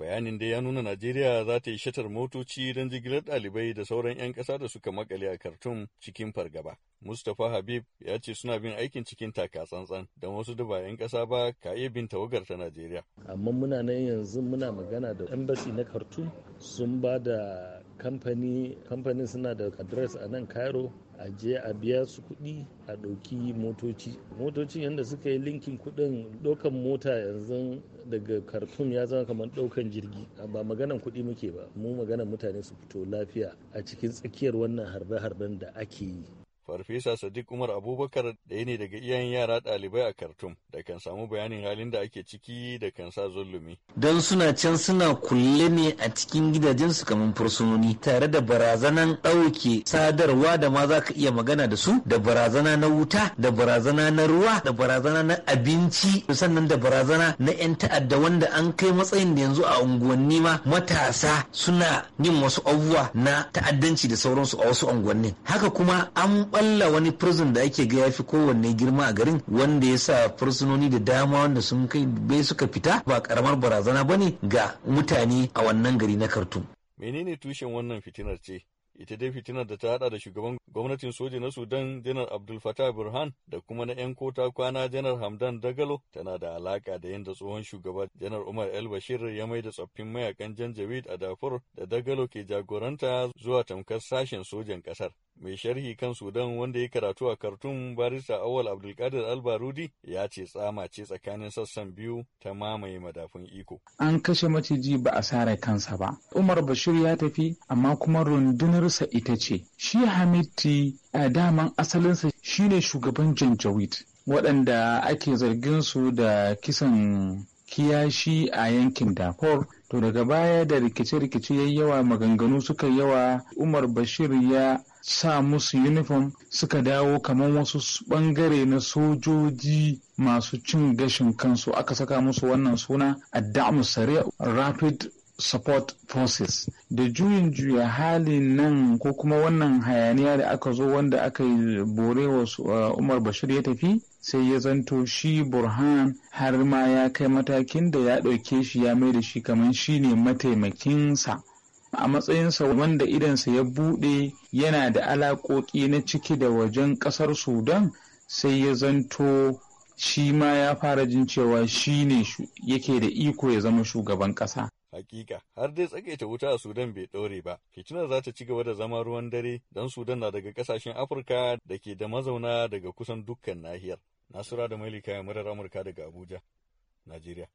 bayanin da ya nuna najeriya za ta yi shatar motoci don jigilar ɗalibai da sauran 'yan ƙasa da suka makale a khartoum cikin fargaba mustapha habib ya ce suna bin aikin cikin taka tsantsan don wasu da 'yan ƙasa ba ka iya bin tawagar ta najeriya amma muna nan yanzu muna magana da embassy na khartoum sun ba da kamfani kamfanin suna da adres a nan cairo a je a biya su kuɗi a ɗauki motoci motocin yadda suka yi linkin kuɗin ɗaukan mota yanzu daga khartoum ya zama kamar ɗaukan jirgi ba maganan kuɗi muke ba mu maganan mutane su fito lafiya a cikin tsakiyar wannan harbe-harben da ake yi Farfesa Sadiq Umar Abubakar ɗaya ne daga iyayen yara ɗalibai a Khartoum da kan samu bayanin halin da ake ciki da kan sa zulumi. Don suna can suna kulle ne a cikin gidajensu kamar fursunoni tare da barazanan ɗauke sadarwa da ma za ka iya magana da su da barazana na wuta da barazana na ruwa da barazana na abinci sannan da barazana na 'yan ta'adda wanda an kai matsayin da yanzu a unguwanni ma matasa suna yin wasu abubuwa na ta'addanci da sauransu a wasu unguwannin. Haka kuma an balla wani prison da ake ga fi kowanne girma a garin wanda ya sa fursunoni da dama wanda sun kai bai suka fita ba karamar barazana ba ne ga mutane a wannan gari na Khartoum. Menene tushen wannan fitinar ce? ita dai fitinar da ta hada da shugaban gwamnatin soja na sudan janar abdul fatah burhan da kuma na 'yan kota kwana janar hamdan dagalo tana da alaka da yadda tsohon shugaba janar umar el bashir ya mai da tsoffin mayakan janjaweed a dafur da dagalo ke jagoranta zuwa tamkar sashen sojan kasar mai sharhi kan Sudan wanda ya karatu a kartun barista Awal Abdulkadir Albarudi ya ce tsama ce tsakanin sassan biyu ta mamaye madafun iko. An kashe maciji ba a sare kansa ba. Umar Bashir ya tafi amma kuma rundunarsa ita ce. Shi Hamiti a daman asalinsa shine shugaban Janjawid waɗanda ake zargin su da kisan kiyashi a yankin Darfur to daga baya da rikice-rikice ya yawa maganganu suka yawa umar bashir ya sa musu uniform suka dawo kamar wasu bangare na sojoji masu cin gashin kansu aka saka musu wannan suna addamu sare rapid support forces da juyin juya halin nan ko kuma wannan hayaniya da aka zo wanda aka yi borewa wa uh, umar bashir ya tafi sai ya zanto shi burhan har ma ya kai matakin da ya ɗauke shi ya mai da shi kamar shi ne mataimakinsa a matsayinsa wanda idansa ya buɗe yana da alaƙoƙi na ciki da wajen ƙasar sudan sai ya zanto shi ma ya fara jin cewa shi ne yake da iko ya zama shugaban ƙasa Hakika, har dai tsakaita wuta a Sudan bai ɗore ba, fitinar za ta ci gaba da zama ruwan dare don Sudan na daga ƙasashen Afirka da ke da mazauna daga kusan dukkan nahiyar. Nasura da Mailika ya murar Amurka daga Abuja, Najeriya.